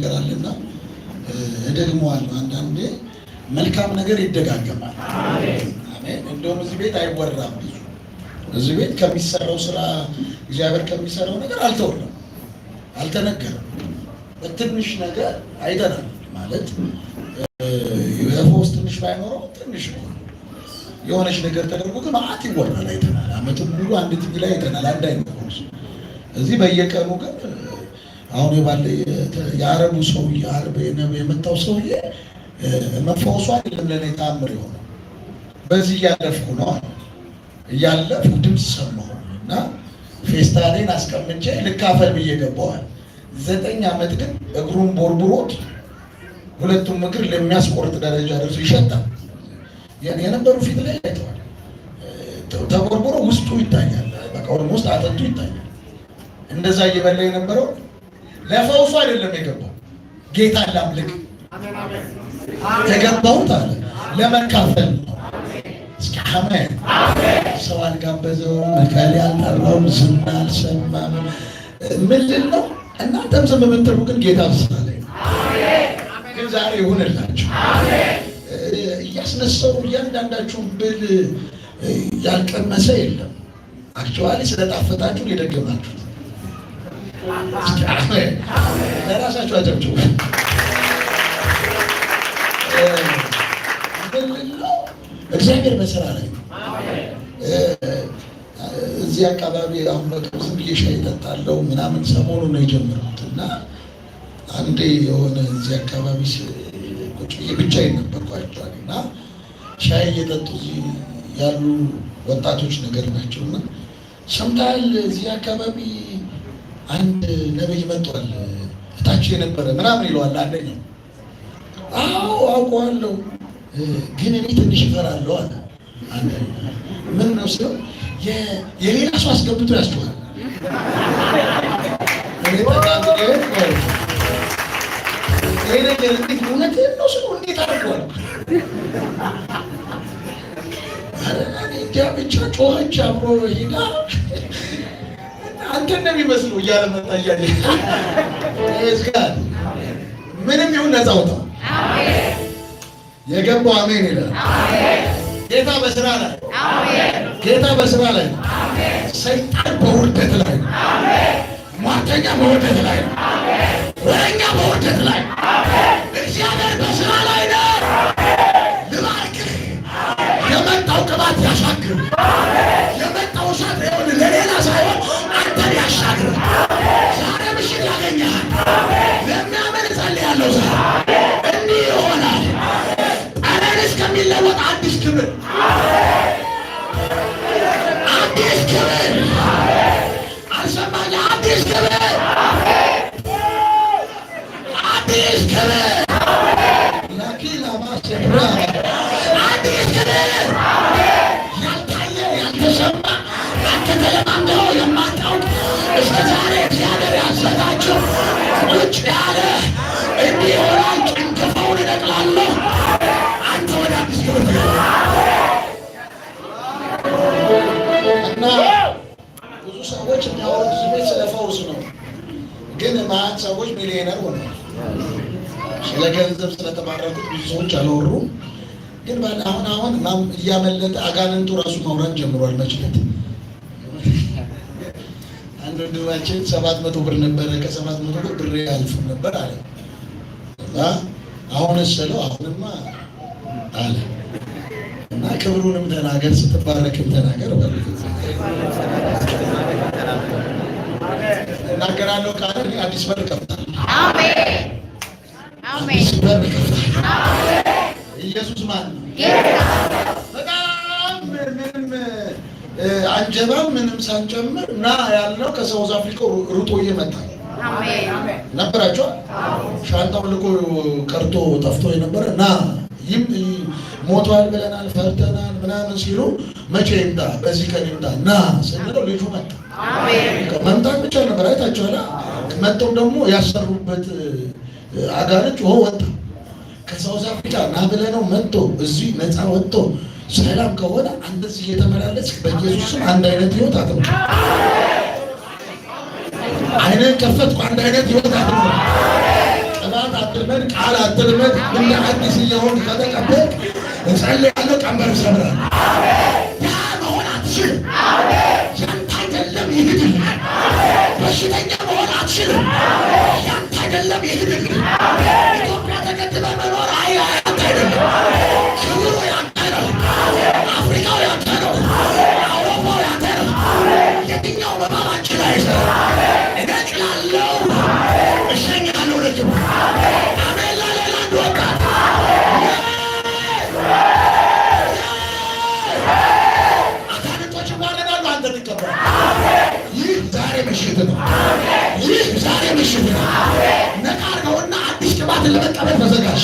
ይናገራልና እደግመዋለሁ። አንዳንዴ መልካም ነገር ይደጋገማል። እንደውም እዚህ ቤት አይወራም ብዙ እዚህ ቤት ከሚሰራው ስራ እግዚአብሔር ከሚሰራው ነገር አልተወራም፣ አልተነገረም። በትንሽ ነገር አይተናል ማለት የፈውስ ትንሽ ባይኖረው ትንሽ ነው የሆነች ነገር ተደርጎ ግን መዓት ይወራል፣ አይተናል። አመቱን ሙሉ አንድ ቲቪ ላይ አይተናል፣ አንድ አይነት እዚህ በየቀኑ ግን አሁን የባለ የአረቡ ሰውዬ አርብ የመጣው ሰውዬ መፈወሷ አይደለም ለእኔ ታምር የሆነ በዚህ እያለፍኩ ነው እያለፍኩ ድምፅ ሰማሁ እና ፌስታሌን አስቀምጬ ልካፈል ብዬ ገባዋል። ዘጠኝ ዓመት ግን እግሩን ቦርቡሮት ሁለቱም እግር ለሚያስቆርጥ ደረጃ ደርሶ ይሸጣል። የነበሩ ፊት ላይ አይተዋል። ተቦርቦሮ ውስጡ ይታኛል። በቃ ውስጥ አጥንቱ ይታኛል። እንደዛ እየበላ የነበረው ለፈውሱ አይደለም የገባው ጌታ ላምልክ የገባሁት አለ ለመካፈል ነው። እስኪ አሜን። ሰው አልጋበዘውም፣ መካል ያልጠራውም፣ ዝና አልሰማም። ምንድን ነው እናንተም ዝም የምትሉ ግን ጌታ ምሳሌ ነው። ግን ዛሬ ይሁንላችሁ እያስነሳው እያንዳንዳችሁን ብል ያልቀመሰ የለም። አክቹዋሊ ስለጣፈጣችሁ የደገማችሁት ለራሳችሁ አጨብጭቡ። እግዚአብሔር በስራ ላይ እዚህ አካባቢ አሁን በቅርብ ዝም ብዬ ሻይ እጠጣለሁ ምናምን ሰሞኑን ነው የጀመርኩት እና አንዴ የሆነ እዚህ አካባቢ ቁጭ ብዬ ብቻዬን ነበርኳቸዋል እና ሻይ እየጠጡ ያሉ ወጣቶች ነገር ናቸው እና ሰምተሃል እዚህ አካባቢ አንድ ነብይ መጥቷል እታችሁ የነበረ ምናምን ይለዋል አንደኛው። አዎ አውቀዋለሁ፣ ግን እኔ ትንሽ እፈራለሁ አለ። ምን ነው ሲሆን የሌላ ሰው አስገብቶ ያስችኋል። ይህ ነገር እንዴት እውነት ነው ስ እንዴት አድርጓል ብቻ ጮኸች አብሮ ሄዳ አንተ እንደሚመስሉ እያለ መጣያለ እያለ ስጋር ምንም ይሁን ነፃ ውጣ። የገባው አሜን ይላል። ጌታ በስራ ላይ ጌታ በስራ ላይ ሰይጣን በውርደት ላይ ሟርተኛ በውርደት ላይ ወረኛ በውርደት ላይ እግዚአብሔር በስራ ላይ ነው። ልባርክህ የመጣው ቅባት ያሻግር ያገኛል። አዲስ ክብር አዲስ ክብር አዲስ ክብር እስከ ዛሬ እግዚአብሔር ያዘጋጀው ቁጭ ያለ እንዲሆናል። ጭንቅፈውን እነቅላለሁ። አንተ ወደ አዲስ እና ብዙ ሰዎች የሚያወሩት ስሜት ስለ ፈውስ ነው። ግን ማን ሰዎች ሚሊዮነር ሆነ ስለ ገንዘብ ስለተባረኩት ብዙ ሰዎች ግን አሁን አሁን እያመለጠ አጋንንቱ ራሱ ማውራት ጀምሯል መችለት ውድድራችን ሰባት መቶ ብር ነበረ። ከሰባት መቶ ብር ብሬ አልፍም ነበር አለ አሁን ስለው አሁንማ አለ እና ክብሩንም ተናገር ስትባረክም ተናገር እናገራለሁ ቃል አዲስ በር ከፍታል። አዲስ በር ከፍታል። ኢየሱስ ማን ነው? አንጀባም ምንም ሳንጨምር ና ያለው ከሳውዝ አፍሪካ ሩጦ እየመጣ ነበራቸው። ሻንጣው ልቆ ቀርቶ ጠፍቶ የነበረ ና ይም ሞቷል ብለናል ፈርተናል ምናምን ሲሉ መቼ ይምጣ በዚህ ቀን ይምጣ ና ስንለው ልጁ መጣ። መምጣት ብቻ ነበር። አይታቸኋላ። መጥተው ደግሞ ያሰሩበት አጋንንት ውሆ ወጣ። ከሳውዝ አፍሪካ ና ብለነው መጥቶ እዚህ ነፃ ወጥቶ ሰላም ከሆነ እንደዚህ እየተመላለስክ በኢየሱስ ስም አንድ አይነት ህይወት አትምጣ። አይነን ከፈትኩ አንድ አይነት ህይወት አትምጣ። ቅባት አትልመድ፣ ቃል አትልመድ። እንደ አዲስ እየሆን ከተቀበል እጸልያለሁ፣ ቀንበር ሰብራል። ያ መሆን አትችልም። ያንተ አይደለም ይግድልህ። በሽተኛ መሆን አትችልም። ያንተ አይደለም ይግድልህ። ኢትዮጵያ ተከትለ መኖር አይ ያንተ አይደለም ነቃ አድርገውና አዲስ ቅባት ለመቀበል ተዘጋጅ።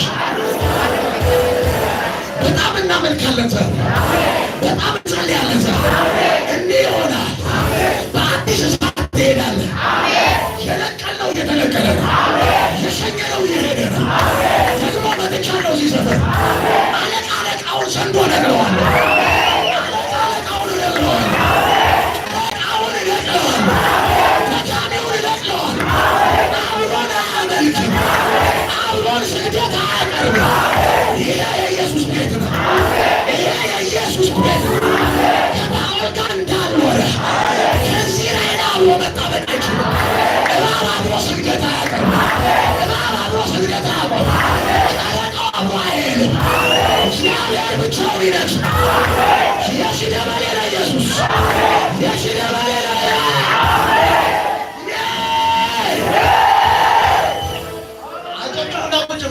በጣም እናመልካለን ዛሬ፣ በጣም እንጸልያለን ዛሬ። እንዲህ ይሆናል። በአዲስ እሳት ትሄዳለህ። የለቀለው እየተለቀለ ነው። የሸኘነው እየሄደ ነው። ደግሞ መጥቻለሁ ሲሰፈር አለቃ አለቃውን ሰንዶ ነግረዋለሁ ብቻውን ይነግሳል። የሺህ ደመሌ ለኢየሱስ የሺህ ደመሌ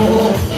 Oh.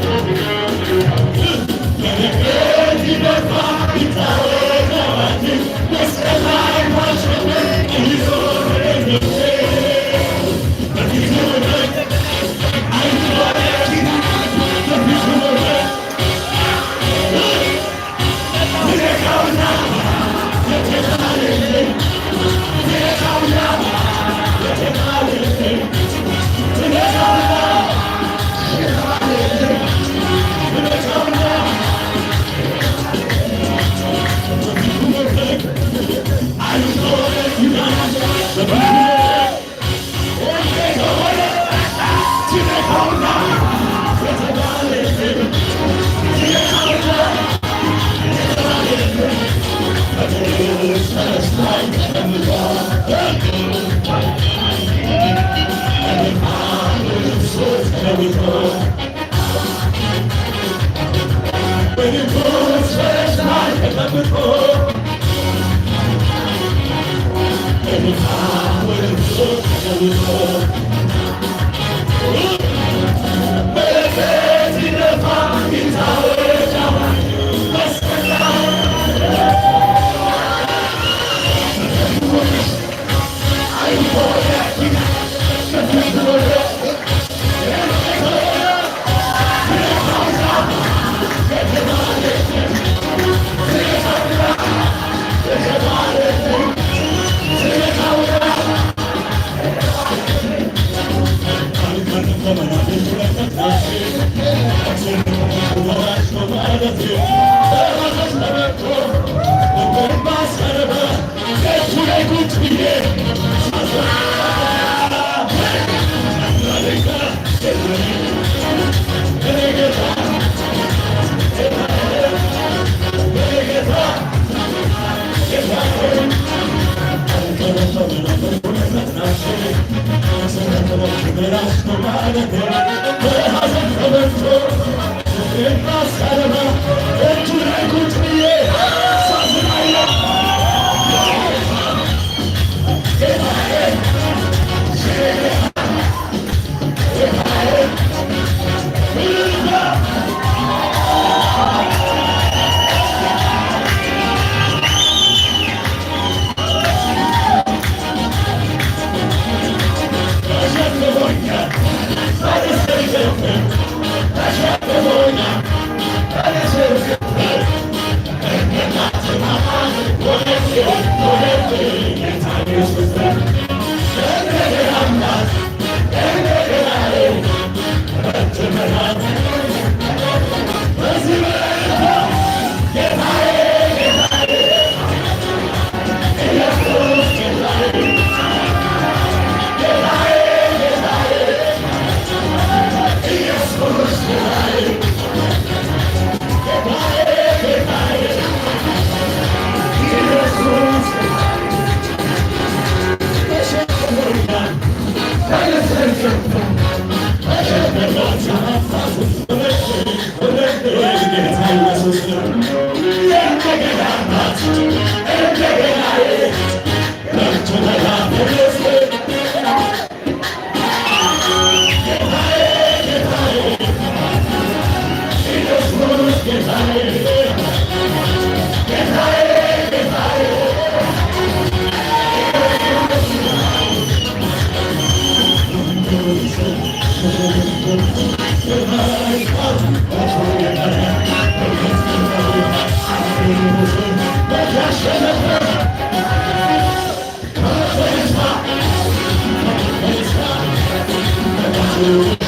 Çok They have a Hallelujah.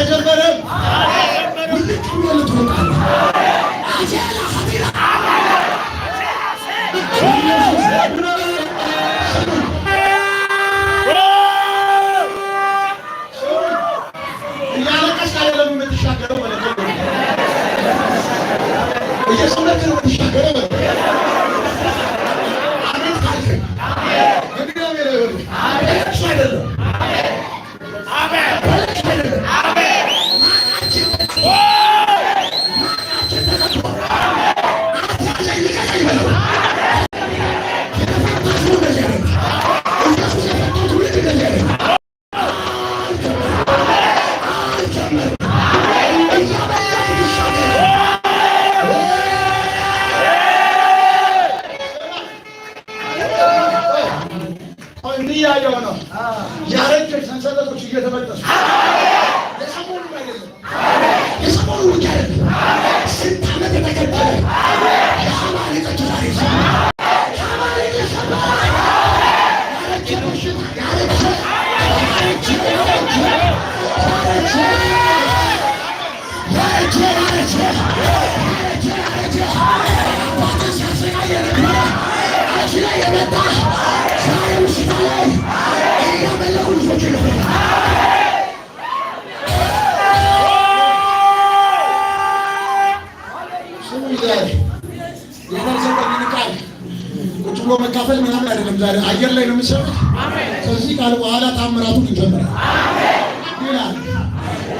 አልተጀመረም። ውልቅ ብሎ ልትወጣለህ። እያለቀስክ አይደለም የምትሻገረው የምሰብክ ከዚህ ቃል በኋላ ታምራቱን እንጀምራል ይላል።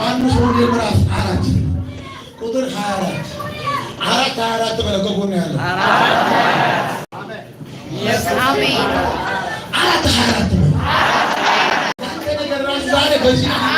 አንዱ ሰው ምዕራፍ አራት ቁጥር ሀያ አራት አራት ሀያ አራት በለው ከጎን ያለው አራት ሀያ አራት በለው ዛሬ በዚህ